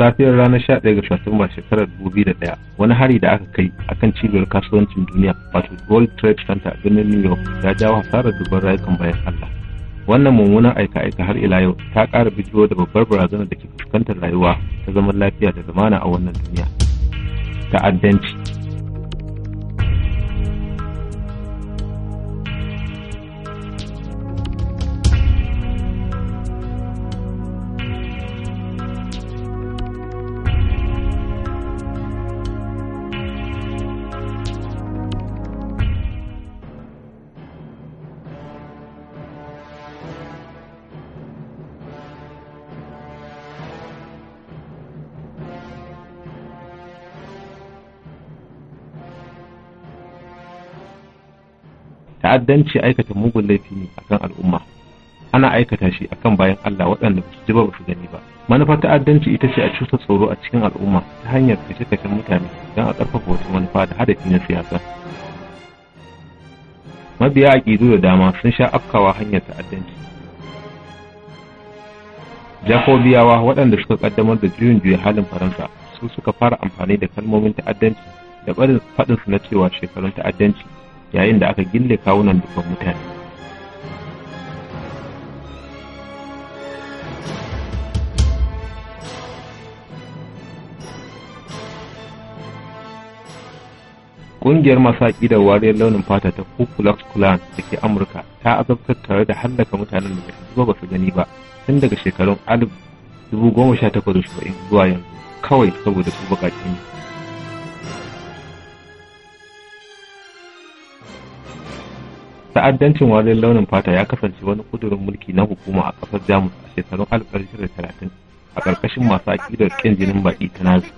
safiyar ranar 11 ga Satumba shekarar 2001 wani hari da aka kai akan cibiyar kasuwancin duniya wato World Trade Center birnin New York ya jawo hasarar dubban rayukan bayan Allah. Wannan mummunan aika-aika har ila yau ta ƙara bijiyo da babbar barazanar da ke fuskantar rayuwa ta zaman lafiya da zamana a wannan duniya. Ta'addanci ta'addanci aikata mugun laifi ne akan al'umma ana aikata shi a kan bayan Allah waɗanda ba su ji ba ba su gani ba manufar ta'addanci ita ce a cusa tsoro a cikin al'umma ta hanyar kashe-kashen mutane don a ƙarfafa wata manufa da hadafi na siyasa mabiya aƙidu da dama sun sha afkawa hanyar ta'addanci jakobiyawa waɗanda suka ƙaddamar da juyin juya halin faransa su suka fara amfani da kalmomin ta'addanci da barin faɗinsu na cewa shekarun ta'addanci yayin da aka gille kawunan dukkan mutane Ƙungiyar masu da wariyar launin fata ta Ku Klux Klan da ke Amurka ta azabtar tare da hallaka mutanen da ba ba su gani ba tun daga shekarun 1970 zuwa yanzu kawai saboda su baƙaƙe ne. ta'addancin wajen launin fata ya kasance wani kudurin mulki na hukuma a kasar jamus a shekarun 1930 a ƙarƙashin masu aƙidar ƙin jinin baƙi ta nazi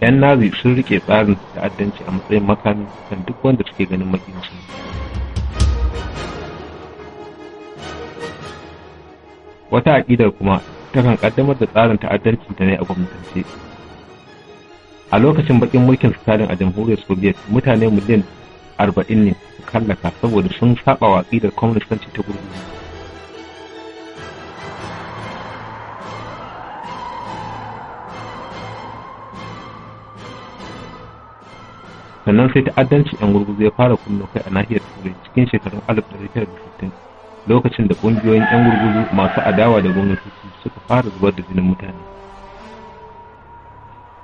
yan nazi sun rike tsarin ta'addanci a matsayin makami kan duk wanda suke ganin makici. wata aƙidar kuma takan kaddamar da tsarin ta'addanci da ne a gwamnatance a lokacin bakin mulkin stalin a jamhuriyar soviet mutane miliyan arba'in ne su kallaka saboda sun saba watsi da kwamnistanci ta gurguzu sannan sai ta'addanci yan gurguzu ya fara kunno kai a nahiyar turai cikin shekarun 1960 lokacin da ƙungiyoyin 'yan gurguzu masu adawa da gwamnati suka fara zubar da jinin mutane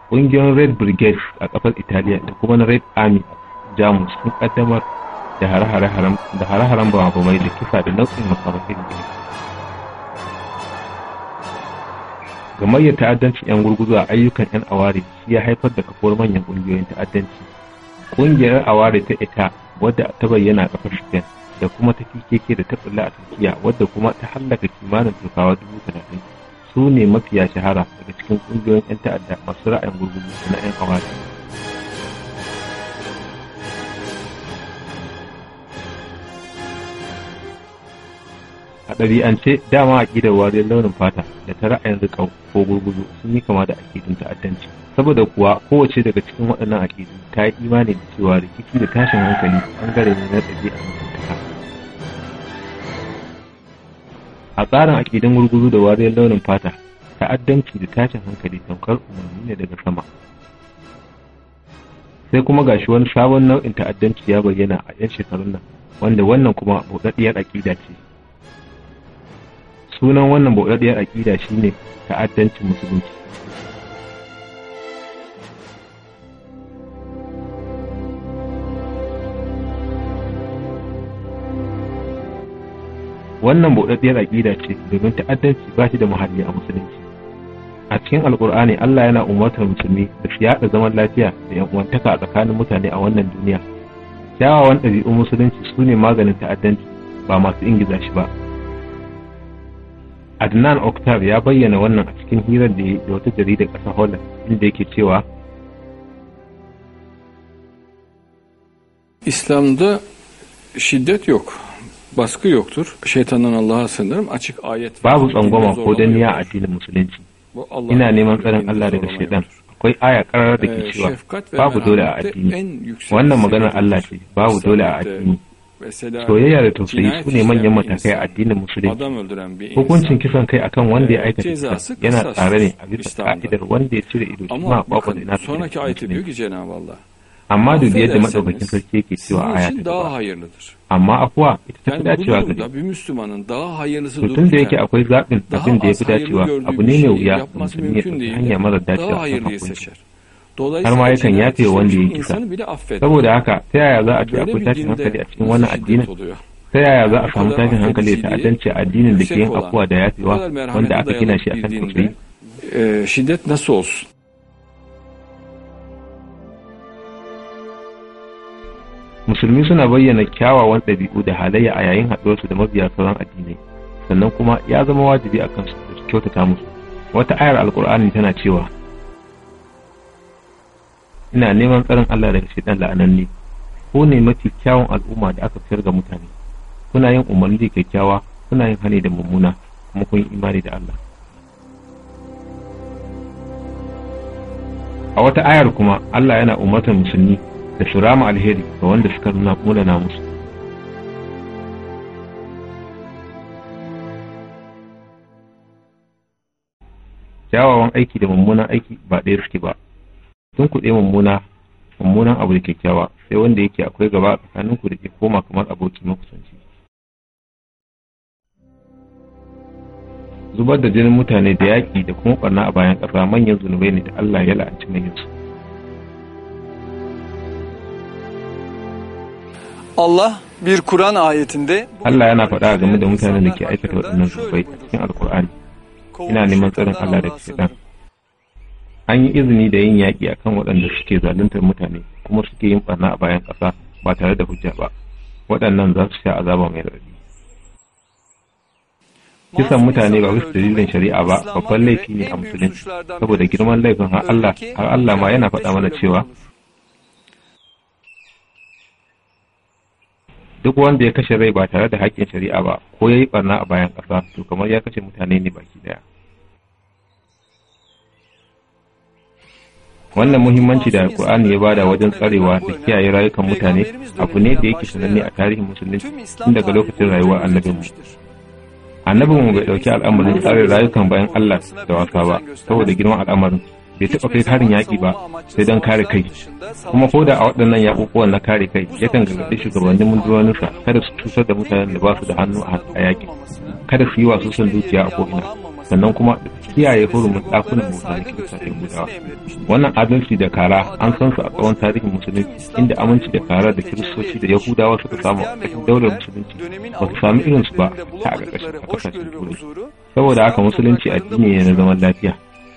kungiyoyin red brigade a ƙafar italiya da kuma na red army jamus sun ƙaddamar da hare-haren bamabamai da kisa da nau'in makamasai da gamayyar ta'addancin 'yan gurguzu a ayyukan 'yan aware shi ya haifar da kafuwar manyan ƙungiyoyin ta'addanci ƙungiyar aware ta ita wadda ta bayyana a kafar spain da kuma ta keke da ta bulla a turkiya wadda kuma ta hallaka kimanin turkawa dubu talatin su ne mafiya shahara daga cikin kungiyoyin 'yan ta'adda masu ra'ayin gurgudu na 'yan kawari a ɗabi'ance dama aƙidar wariyar launin fata da ta ra'ayin rikau ko gurgudu sun yi kama da aƙidun ta'addanci saboda kuwa kowace daga cikin waɗannan aƙidu ta yi imani da cewa rikici da tashin hankali ɓangare ne na ɗabi'a a tsarin aƙidan gurguru da wariyar launin fata ta'addanci da tashin hankali tamkar umarni ne daga sama sai kuma gashi wani sabon nau'in ta'addanci ya bayyana a 'yan shekarun nan wanda wannan kuma buɗaɗɗiyar aƙida ce sunan wannan buɗaɗɗiyar aƙida shine ta'addancin musulunci wannan buɗaɗɗiyar aƙida ce domin ta'addanci ba shi da muhalli a musulunci a cikin Alƙur'ani allah yana umartar musulmi da su yaɗa zaman lafiya da yan uwantaka a tsakanin mutane a wannan duniya kyawawan ɗabi'un musulunci su ne maganin ta'addanci ba masu ingiza shi ba adnan Oktar ya bayyana wannan a cikin hirar da ya da wata jaridar ƙasa holland inda yake cewa islamda shiddat yok. baskı yoktur. Şeytandan Allah'a sığınırım. Açık ayet Babu tsangwama ko danniya a addinin musulunci. Ina neman tsarin Allah daga şeytan. Akwai aya karara da ke babu dole a addini. Wannan maganar Allah ce babu dole a addini. Soyayya da tausayi su ne manyan matakai a addinin musulunci. Hukuncin kisan kai akan wanda ya aikata kisa yana tsare ne a bisa ka'idar wanda ya cire ido shi ma kwakwazo ina Allah. amma dubi yadda madaukakin sarki yake cewa aya ta amma afuwa ita ta fi dacewa ga to tun da yake akwai zaɓin abin da ya fi dacewa abu ne mai wuya musulmi ya tafi hanya mara dacewa ta hukunci har ma yakan yafe wanda ya kisa saboda haka ta yaya za a ce akwai tashin hankali a cikin wannan addinin ta yaya za a samu tashin hankali da ta'addanci addinin da ke yin afuwa da yafewa wanda aka gina shi akan tausayi shiddet nasıl olsun musulmi suna bayyana kyawawan ɗabi'u da halayya a yayin haɗuwarsu da mabiya sauran addinai sannan kuma ya zama wajibi a kansu da su kyautata musu wata ayar Alƙur'ani tana cewa ina neman tsarin Allah daga shaitan la'ananne ko ne mafi kyawun al'umma da aka fitar ga mutane kuna yin umarni da kyakkyawa kuna yin hani da mummuna kuma kun yi imani da Allah a wata ayar kuma Allah yana umartar musulmi da su rama alheri ga wanda suka nuna na musu kyawawan aiki da mummunan aiki ba ɗaya suke ba tun kuɗe mummuna mummunan abu da kyakkyawa sai wanda yake akwai gaba a tsakanin ku da ke koma kamar aboki makusanci zubar da jinin mutane da yaƙi da kuma ɓarna a bayan ƙasa manyan zunubai ne da Allah ya la'anci manyan su Allah bir Kur'an ayetinde Allah yana faɗa game da mutanen da ke aikata waɗannan zunubai cikin Alkur'ani. Ina neman tsarin Allah da ɗan. An yi izini da yin yaƙi akan waɗanda suke zaluntar mutane kuma suke yin ɓarna a bayan ƙasa ba tare da hujja ba. Waɗannan za su sha azaba mai raɗaɗi. Kisan mutane ba bisa dalilin shari'a ba babban laifi ne a musulunci saboda girman laifin har Allah har Allah ma yana faɗa mana cewa duk wanda ya kashe rai ba tare da haƙƙin shari'a ba ko ya yi barna a bayan ƙasa to kamar ya kashe mutane ne baki daya wannan muhimmanci da Alƙur'ani ya bada wajen tsarewa da kiyaye rayukan mutane abu ne da yake sananne a tarihin musulunci tun daga lokacin rayuwar annabinmu mu bai ɗauki al'amarin tsare rayukan bayan allah da wasa ba saboda girman al'amarin bai taɓa kai karin yaƙi ba sai don kare kai kuma ko da a waɗannan yaƙuƙuwan na kare kai yakan gargaɗi shugabannin mundurwaninsa kada su cutar da mutanen da ba su da hannu a yaƙi kada su yi wasu son dukiya a ko'ina sannan kuma kiyaye hurumin ɗakunan bauta na da yahudawa wannan adalci da kara an san su a tsawon tarihin musulunci inda aminci da kara da kiristoci da yahudawa suka samu a cikin daular musulunci ba su sami irinsu ba ta a ƙarƙashin a ƙasashen turai saboda haka musulunci addini ne na zaman lafiya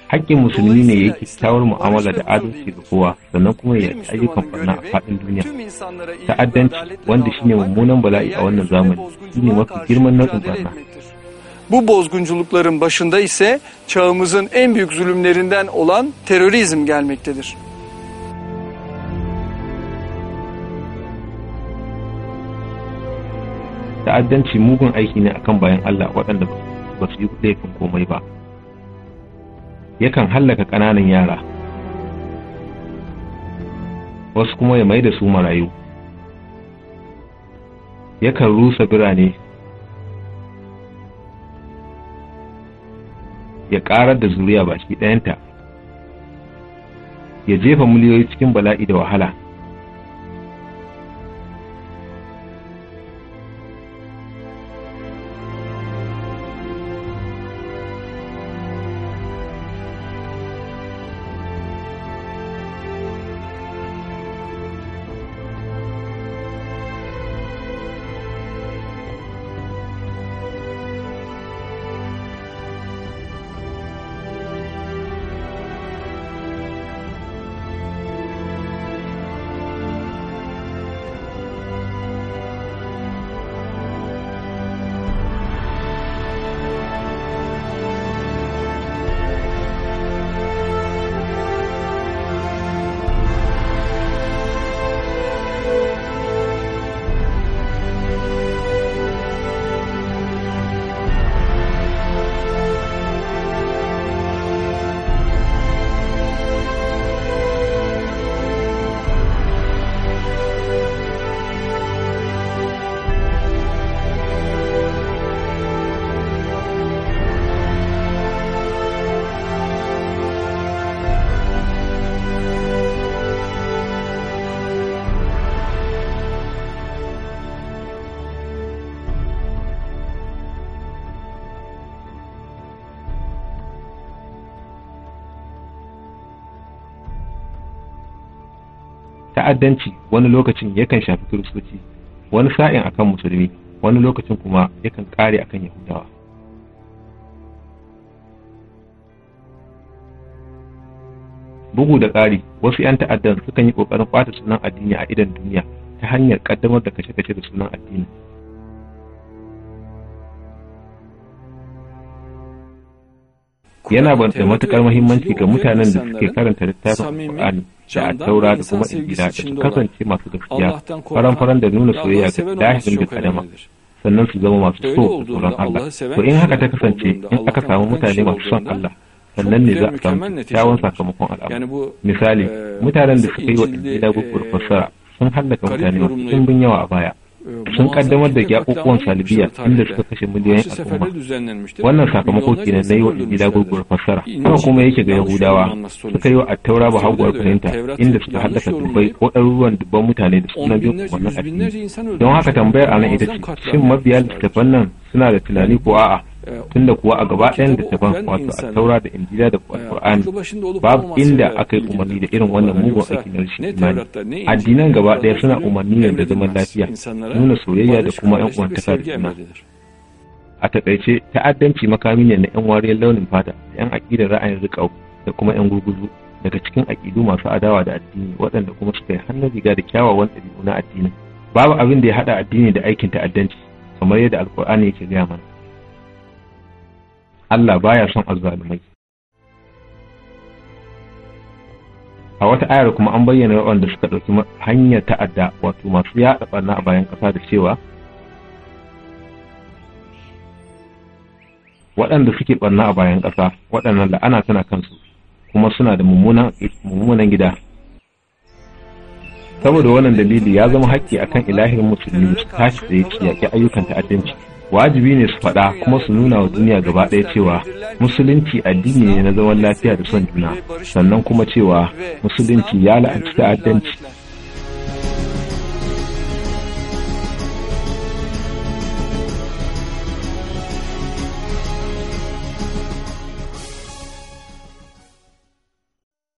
hakkin musulmi ne ya kyakkyawar mu'amala da adalci da kowa sannan kuma ya yaki ayyukan barna a faɗin duniya ta'addanci wanda shine mummunan bala'i a wannan zamani shine mafi girman nau'in barna bu bozgunculukların başında ise çağımızın en büyük zulümlerinden olan terörizm gelmektedir. Ta'addanci mugun aiki ne akan bayan Allah waɗanda ba su yi laifin komai ba. yakan hallaka ƙananan yara wasu kuma ya mai da su marayu yakan rusa birane ya ƙarar da zuriya baki ɗayanta ya jefa miliyoyi cikin bala'i da wahala ta'addanci wani lokacin yakan shafi kiristoci wani sa'in akan musulmi wani lokacin kuma yakan kare akan yahudawa bugu da ƙari wasu 'yan ta'addan sukan yi ƙoƙarin ƙwata sunan addini a idan duniya ta hanyar ƙaddamar da kashe-kashe da sunan addini yana da matuƙar muhimmanci ga mutanen da suke karanta littafin ƙwa'ani da taura da kuma injila da su kasance masu gaskiya faran-faran da nuna soyayya ga dahirin bil adama sannan su zama masu so da tsoron Allah to in haka ta kasance in aka samu mutane masu son Allah sannan ne za a samu kyawun sakamakon al'amari misali mutanen da suka yi wa injila gugur fassara sun hallaka mutane masu bin yawa a baya sun kaddamar da gyakukuwan salibiya inda suka kashe miliyoyin al'umma wannan sakamako kenan na yi wa ingila gurguwar fassara kuma kuma yake ga yahudawa suka yi wa attaura ba haguwar fahimta inda suka haddasa dubbai ko ɗaruruwan dubban mutane da sunan bin umarnin addini don haka tambayar anan ita ce shin mabiya littattafan nan suna da tunani ko a'a tunda kuwa a gaba ɗayan littafan wato a taura da injila da eh, alkur'ani babu inda aka yi umarni da irin wannan mugun aiki na rashin imani addinan gaba ɗaya suna umarni da zaman lafiya nuna soyayya da kuma yan uwantaka da juna a takaice ta'addanci makami ne na yan wariyar launin fata da yan aƙidar ra'ayin riƙau da kuma yan gurguzu daga cikin aƙidu masu adawa da addini waɗanda kuma suka yi hannun riga da kyawawan ɗabi'u na addini. babu abin da ya haɗa addini da aikin ta'addanci kamar yadda alkur'ani yake gaya mana Allah baya son azzalumai a wata ayar kuma an bayyana waɗanda suka ɗauki hanyar ta'adda wato masu yaɗa ɓarna a bayan ƙasa da cewa waɗanda suke ɓarna a bayan ƙasa waɗannan la'ana tana kansu kuma suna da mummunan gida saboda wannan dalili ya zama haƙƙi akan ilahin musulmi su tashi da ya ayyukan ta'addanci wajibi ne su faɗa kuma su nuna wa duniya gaba ɗaya cewa musulunci addini ne na zaman lafiya da son juna sannan kuma cewa musulunci ya la'anci ta'addanci